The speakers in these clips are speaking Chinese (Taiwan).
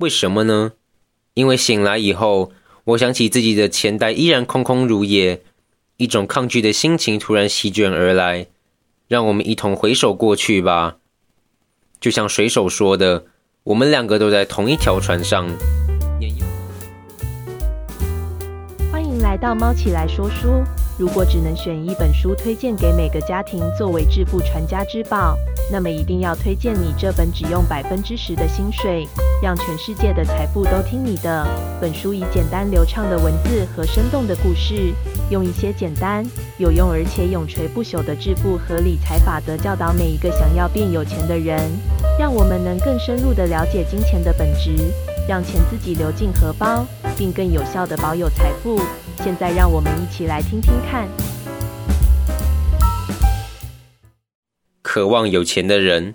為什麼呢？因為醒來以後，我想起自己的錢袋依然空空如也，一種抗拒的心情突然席捲而來。讓我們一同回首過去吧，就像水手說的，我們兩個都在同一條船上。歡迎來到貓起來說書。如果只能選一本書推薦給每個家庭作為致富傳家之寶，那麼一定要推薦你這本《只用百分之十的薪水，讓全世界的財富都聽你的》。本書以簡單流暢的文字和生動的故事，用一些簡單、有用而且永垂不朽的致富和理財法則，教導每一個想要變有錢的人。讓我們能更深入地了解金錢的本質，讓錢自己流進荷包，並更有效地保有財富。現在讓我們一起來聽聽看。渴望有錢的人，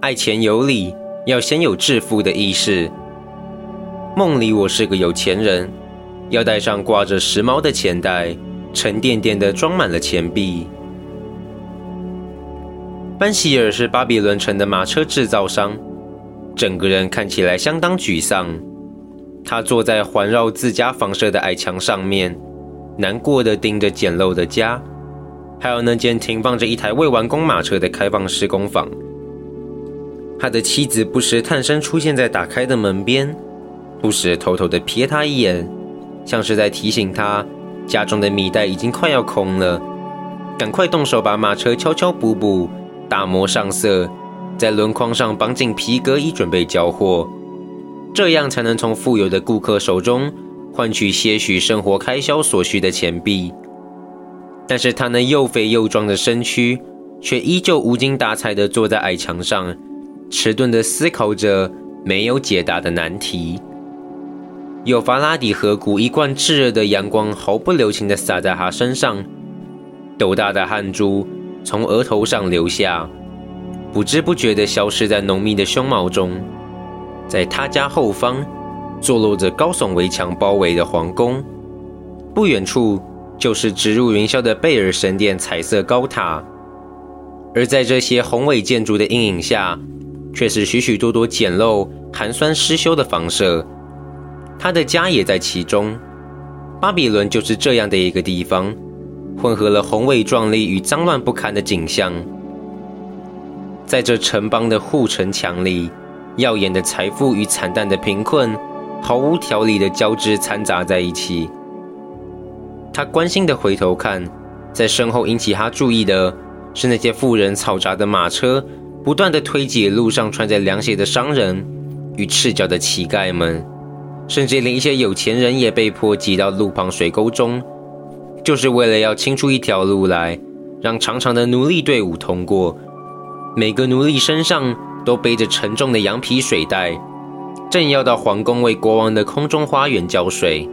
愛錢有理，要先有致富的意識。夢裡我是個有錢人，腰帶上掛着時髦的錢袋，沉甸甸的裝滿了錢幣。班希爾是巴比倫城的馬車製造商，整個人看起來相當沮喪。他坐在環繞自家房舍的矮牆上面，難過的盯着簡陋的家，還有那間停放着一台未完工馬車的開放施工坊。他的妻子不時探身出現在打開的門邊，不時偷偷的瞥他一眼，像是在提醒他，家中的米袋已經快要空了，趕快動手把馬車敲敲補補、打磨上色，在輪框上綁緊皮革，以準備交貨。這樣才能從富有的顧客手中換取些許生活開銷所需的錢幣。但是他那又肥又壯的身軀卻依舊無精打采地坐在矮牆上，遲鈍地思考着沒有解答的難題。幼發拉底河谷一貫炙熱的陽光毫不留情地灑在他身上，豆大的汗珠從額頭上流下，不知不覺地消失在濃密的胸毛中。在他家後方，坐落着高聳圍牆包圍的皇宮，不遠處就是直入雲霄的貝爾神殿彩色高塔。而在這些宏偉建築的陰影下，卻是許許多多簡陋、寒酸、失修的房舍。他的家也在其中。巴比倫就是這樣的一個地方，混合了宏偉壯麗與髒亂不堪的景象。在這城邦的護城牆裡。耀眼的財富與慘淡的貧困，毫無條理的交織摻雜在一起。他關心的回頭看，在身後引起他注意的是那些富人嘈雜的馬車，不斷的推擠路上穿着涼鞋的商人與赤腳的乞丐們，甚至連一些有錢人也被迫擠到路旁水溝中，就是為了要清出一條路來，讓長長的奴隸隊伍通過。每個奴隸身上。都背着沉重的羊皮水袋，正要到皇宮為國王的空中花園澆水。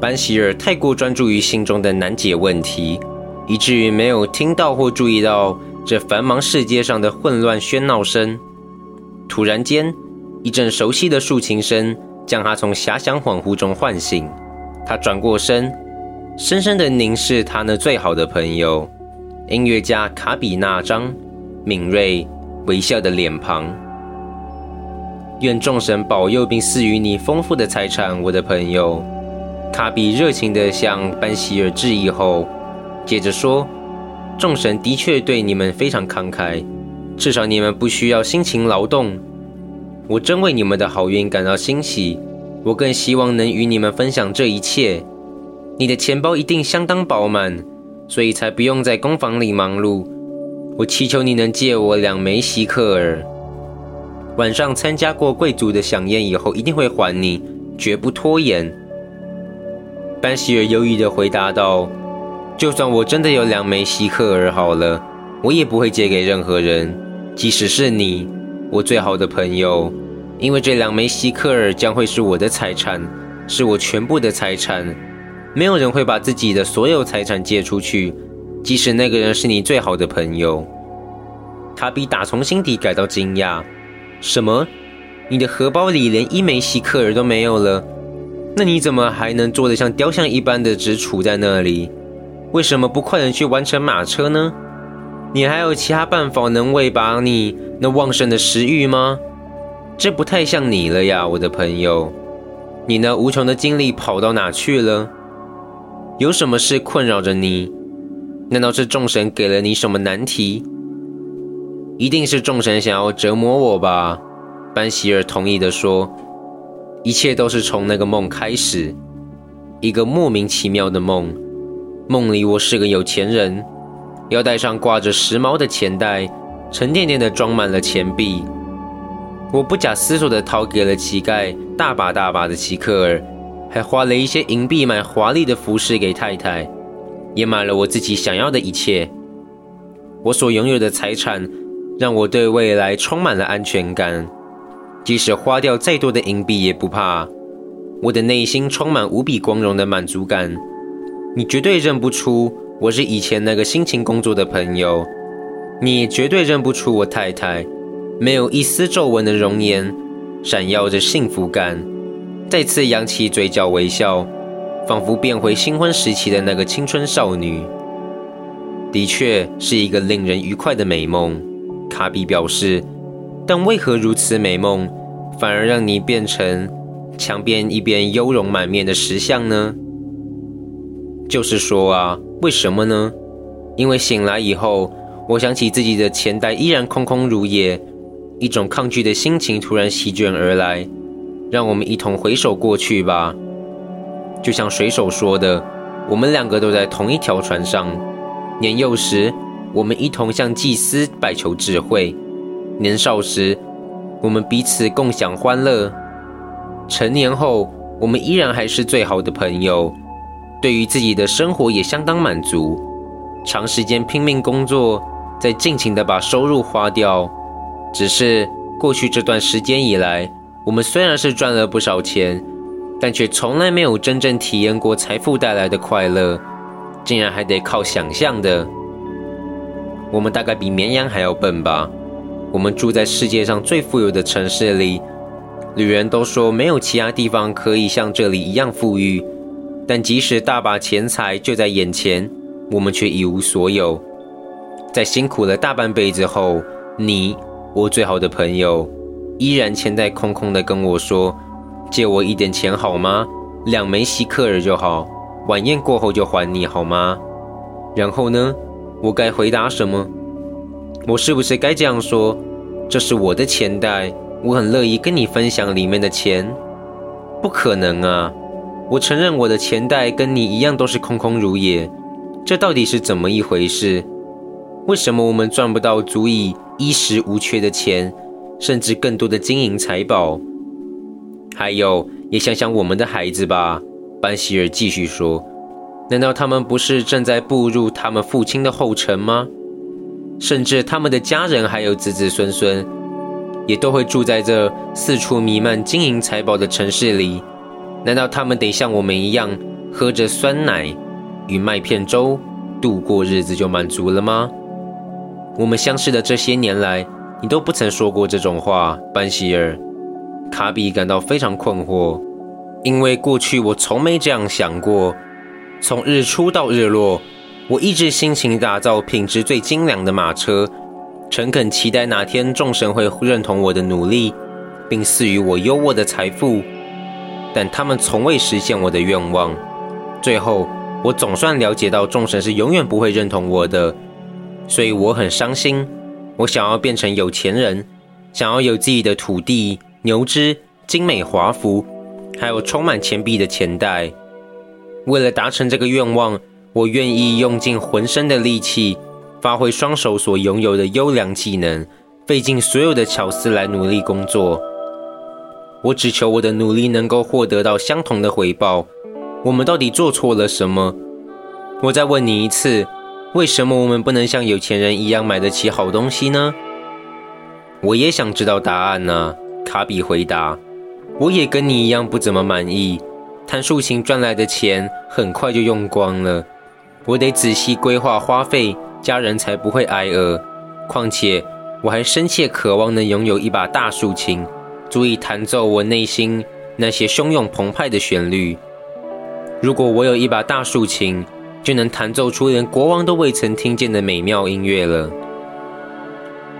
班希爾太過專注於心中的難解問題，以至於沒有聽到或注意到這繁忙世界上的混亂喧鬧聲。突然間，一陣熟悉的豎琴聲將他從遐想恍惚中喚醒。他轉過身，深深的凝視他那最好的朋友——音樂家卡比那張，敏銳。微笑的臉龐，願眾神保佑並賜予你豐富的財產，我的朋友。卡比熱情地向班希爾致意後，接着說：“眾神的確對你們非常慷慨，至少你們不需要辛勤勞動。我真為你們的好運感到欣喜。我更希望能與你們分享這一切。你的錢包一定相當飽滿，所以才不用在工坊裡忙碌。”我祈求你能借我兩枚希克爾。晚上參加過貴族的饗宴以後，一定會還你，絕不拖延。班希爾猶豫地回答道：“就算我真的有兩枚希克爾，好了，我也不會借給任何人，即使是你，我最好的朋友。因為這兩枚希克爾將會是我的財產，是我全部的財產。沒有人會把自己的所有財產借出去。”即使那個人是你最好的朋友，柯比打從心底感到驚訝。什麼？你的荷包裡連一枚西克爾都沒有了？那你怎麼還能坐得像雕像一般的直杵在那裡？為什麼不快點去完成馬車呢？你還有其他辦法能餵飽你那旺盛的食欲嗎？這不太像你了呀，我的朋友。你那無窮的精力跑到哪去了？有什麼事困擾着你？難道是眾神給了你什麼難題？一定是眾神想要折磨我吧。班席爾同意地說：“一切都是從那個夢開始，一個莫名其妙的夢。夢裡我是個有錢人，腰帶上掛着時髦的錢袋，沉甸甸的裝滿了錢幣。我不假思索地掏給了乞丐大把大把的奇克爾，還花了一些銀幣買華麗的服飾給太太。”也買了我自己想要的一切。我所擁有的財產，讓我對未來充滿了安全感。即使花掉再多的銀幣也不怕。我的內心充滿無比光榮的滿足感。你絕對認不出我是以前那個辛勤工作的朋友。你絕對認不出我太太，沒有一絲皺紋的容顏，閃耀着幸福感，再次揚起嘴角微笑。仿佛變回新婚時期的那個青春少女，的確是一個令人愉快的美夢。卡比表示，但為何如此美夢，反而讓你變成牆邊一邊愁容滿面的石像呢？就是說啊，為什麼呢？因為醒來以後，我想起自己的錢袋依然空空如也，一種抗拒的心情突然席捲而來。讓我們一同回首過去吧。就像水手說的，我們兩個都在同一條船上。年幼時，我們一同向祭司拜求智慧；年少時，我們彼此共享歡樂；成年後，我們依然還是最好的朋友。對於自己的生活也相當滿足，長時間拼命工作，再盡情地把收入花掉。只是過去這段時間以來，我們雖然是賺了不少錢。但卻從來沒有真正體驗過財富帶來的快樂，竟然還得靠想象的。我們大概比綿羊還要笨吧？我們住在世界上最富有的城市裡，旅人都說沒有其他地方可以像這裡一樣富裕。但即使大把錢財就在眼前，我們卻一無所有。在辛苦了大半輩子後，你，我最好的朋友，依然錢袋空空的跟我說。借我一點錢好嗎？兩枚希克爾就好。晚宴過後就還你好嗎？然後呢？我該回答什麼？我是不是該這樣說？這是我的錢袋，我很樂意跟你分享裡面的錢。不可能啊！我承認我的錢袋跟你一樣都是空空如也。這到底是怎麼一回事？為什麼我們賺不到足以衣食無缺的錢，甚至更多的金銀財寶？還有，也想想我們的孩子吧，班希爾繼續說：“難道他們不是正在步入他們父親的後塵嗎？甚至他們的家人還有子子孫孫，也都會住在這四處彌漫金銀財寶的城市裡。難道他們得像我們一樣，喝着酸奶與麥片粥度過日子就滿足了嗎？我們相識的這些年來，你都不曾說過這種話，班希爾。”卡比感到非常困惑，因為過去我從沒這樣想過。從日出到日落，我一直辛勤打造品質最精良的馬車，誠懇期待哪天眾神會認同我的努力，並賜予我優渥的財富。但他們從未實現我的願望。最後，我總算了解到眾神是永遠不會認同我的，所以我很傷心。我想要變成有錢人，想要有自己的土地。牛脂、精美華服，還有充滿錢幣的錢袋。為了達成這個願望，我願意用盡渾身的力氣，發揮雙手所擁有的優良技能，費盡所有的巧思來努力工作。我只求我的努力能夠獲得到相同的回報。我們到底做錯了什麼？我再問你一次，為什麼我們不能像有錢人一樣買得起好東西呢？我也想知道答案吶。卡比回答：“我也跟你一樣不怎麼滿意，彈豎琴賺來的錢很快就用光了，我得仔細規劃花費，家人才不會挨餓。況且我還深切渴望能擁有一把大豎琴，足以彈奏我內心那些洶湧澎湃的旋律。如果我有一把大豎琴，就能彈奏出連國王都未曾聽見的美妙音樂了。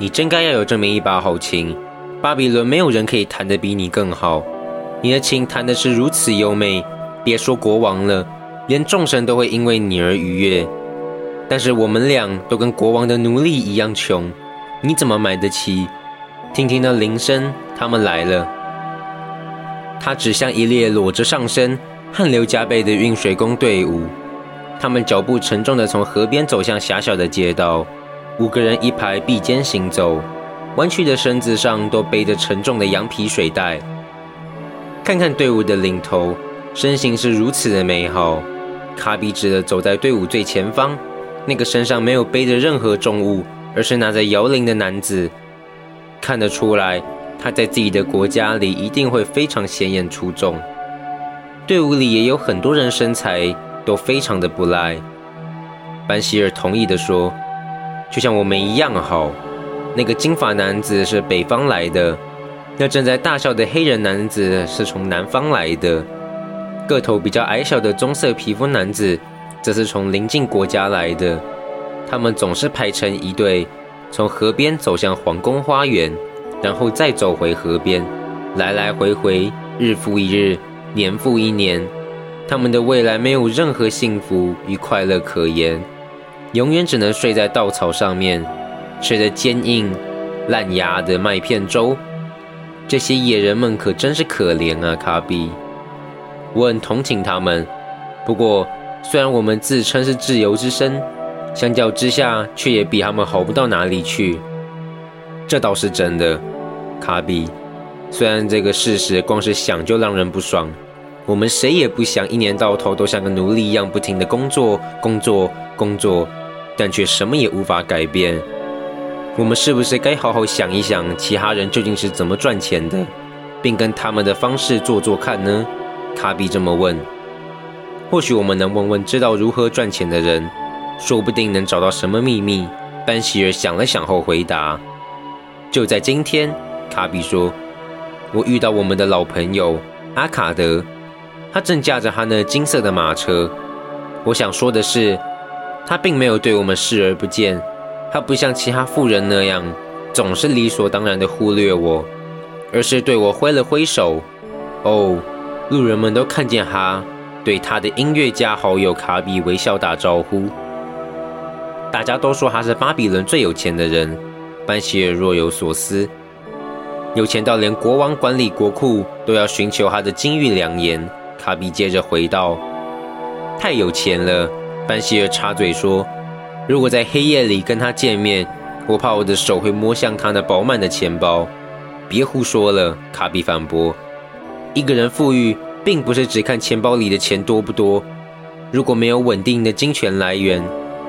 你真該要有這麼一把好琴。”巴比倫沒有人可以彈得比你更好，你的琴彈得是如此優美，別說國王了，連眾神都會因為你而愉悅。但是我們倆都跟國王的奴隸一樣窮，你怎麼買得起？聽聽那鈴聲，他們來了。他指向一列裸着上身、汗流浹背的運水工隊伍，他們腳步沉重地從河邊走向狹小的街道，五個人一排並肩行走。彎曲的身子上都背着沉重的羊皮水袋。看看隊伍的領頭，身形是如此的美好。卡比指的走在隊伍最前方，那個身上沒有背着任何重物，而是拿着搖鈴的男子。看得出來，他在自己的國家裡一定會非常顯眼出眾。隊伍裡也有很多人身材都非常的不賴。班希爾同意的說：“就像我們一樣好。”那個金髮男子是北方來的，那正在大笑的黑人男子是從南方來的，個頭比較矮小的棕色皮膚男子則是從鄰近國家來的。他們總是排成一隊，從河邊走向皇宮花園，然後再走回河邊，來來回回，日復一日，年復一年。他們的未來沒有任何幸福與快樂可言，永遠只能睡在稻草上面。吃著堅硬、爛牙的麥片粥，這些野人們可真是可憐啊，卡比。我很同情他們。不過，雖然我們自稱是自由之身，相較之下，卻也比他們好不到哪裡去。這倒是真的，卡比。雖然這個事實光是想就讓人不爽。我們誰也不想一年到頭都像個奴隸一樣，不停的工作、工作、工作，但卻什麼也無法改變。我們是不是該好好想一想，其他人究竟是怎麼賺錢的，並跟他們的方式做做看呢？卡比這麼問。或許我們能問問知道如何賺錢的人，說不定能找到什麼秘密。班希爾想了想後回答：“就在今天。”卡比說：“我遇到我們的老朋友阿卡德，他正駕着他那金色的馬車。我想說的是，他並沒有對我們視而不見。”他不像其他富人那樣總是理所當然地忽略我，而是對我揮了揮手。哦，路人們都看見他對他的音樂家好友卡比微笑打招呼。大家都說他是巴比倫最有錢的人。班希爾若有所思。有錢到連國王管理國庫都要尋求他的金玉良言。卡比接着回道：“太有錢了。”班希爾插嘴說。如果在黑夜裡跟他見面，我怕我的手會摸向他那飽滿的錢包。別胡說了，卡比反駁。一個人富裕，並不是只看錢包裡的錢多不多。如果沒有穩定的金錢來源，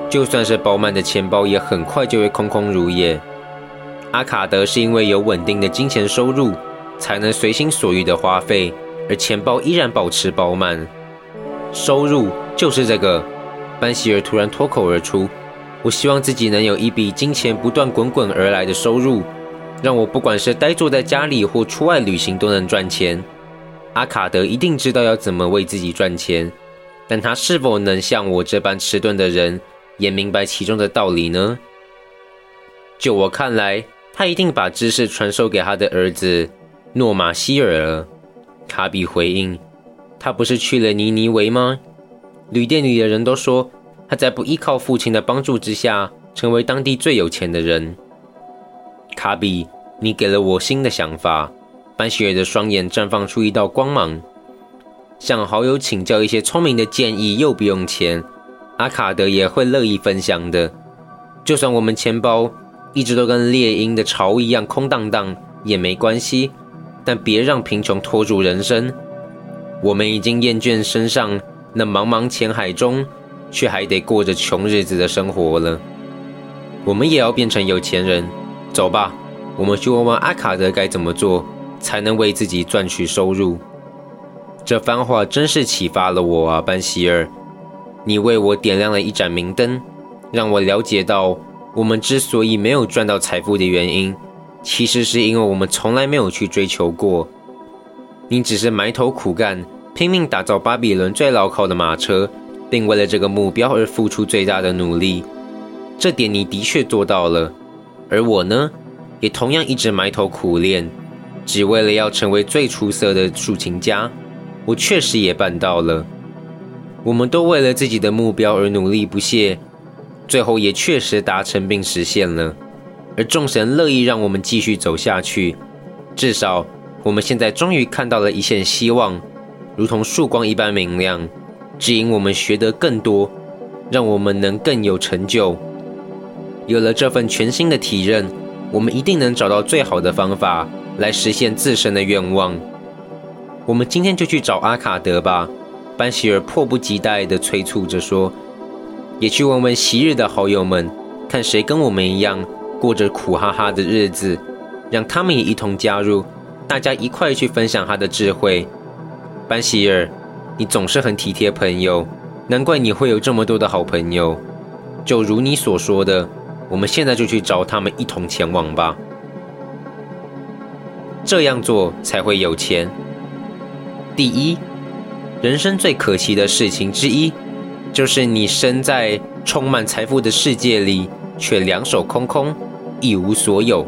就算是飽滿的錢包，也很快就會空空如也。阿卡德是因為有穩定的金錢收入，才能隨心所欲的花費，而錢包依然保持飽滿。收入就是這個。班希爾突然脫口而出。我希望自己能有一筆金錢不斷滾滾而來的收入，讓我不管是呆坐在家裡或出外旅行都能賺錢。阿卡德一定知道要怎麼為自己賺錢，但他是否能像我這般遲鈍的人也明白其中的道理呢？就我看來，他一定把知識傳授給他的兒子諾馬希爾了。卡比回應：“他不是去了尼尼維嗎？旅店裡的人都說。”他在不依靠父親的幫助之下，成為當地最有錢的人。卡比，你給了我新的想法。班雪的雙眼綻放出一道光芒，向好友請教一些聰明的建議，又不用錢，阿卡德也會樂意分享的。就算我們錢包一直都跟獵鷹的巢一樣空蕩蕩也沒關係，但別讓貧窮拖住人生。我們已經厭倦身上那茫茫淺海中。卻還得過着窮日子的生活了。我們也要變成有錢人，走吧，我們去問問阿卡德該怎麼做，才能為自己賺取收入。這番話真是啟發了我啊，班希爾！你為我點亮了一盞明燈，讓我了解到我們之所以沒有賺到財富的原因，其實是因為我們從來沒有去追求過。你只是埋頭苦幹，拼命打造巴比倫最牢靠的馬車。並為了這個目標而付出最大的努力，這點你的確做到了。而我呢，也同樣一直埋頭苦練，只為了要成為最出色的豎琴家。我確實也辦到了。我們都為了自己的目標而努力不懈，最後也確實達成並實現了。而眾神樂意讓我們繼續走下去，至少我們現在終於看到了一線希望，如同曙光一般明亮。指引我們學得更多，讓我們能更有成就。有了這份全新的體認，我們一定能找到最好的方法來實現自身的願望。我們今天就去找阿卡德吧！班希爾迫不及待地催促着說：“也去問問昔日的好友們，看誰跟我們一樣過着苦哈哈的日子，讓他們也一同加入，大家一塊去分享他的智慧。”班希爾。你總是很體貼朋友，難怪你會有這麼多的好朋友。就如你所說的，我們現在就去找他們，一同前往吧。這樣做才會有錢。第一，人生最可惜的事情之一，就是你身在充滿財富的世界裡，却兩手空空，一無所有。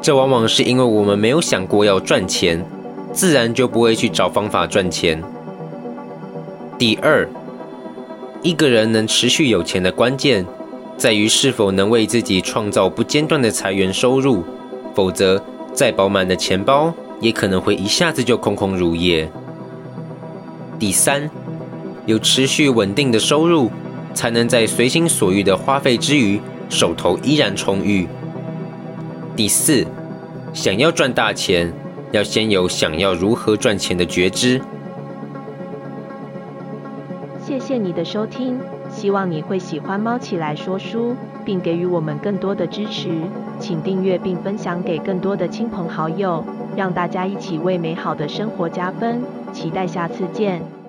這往往是因為我們沒有想過要賺錢，自然就不會去找方法賺錢。第二，一個人能持續有錢的關鍵，在於是否能為自己創造不間斷的財源收入，否則再飽滿的錢包也可能會一下子就空空如也。第三，有持續穩定的收入，才能在隨心所欲的花費之餘，手頭依然充裕。第四，想要賺大錢，要先有想要如何賺錢的覺知。謝謝你的收聽，希望你會喜歡《貓起來說書》，並給予我們更多的支持。請訂閱並分享給更多的親朋好友，讓大家一起為美好的生活加分。期待下次見！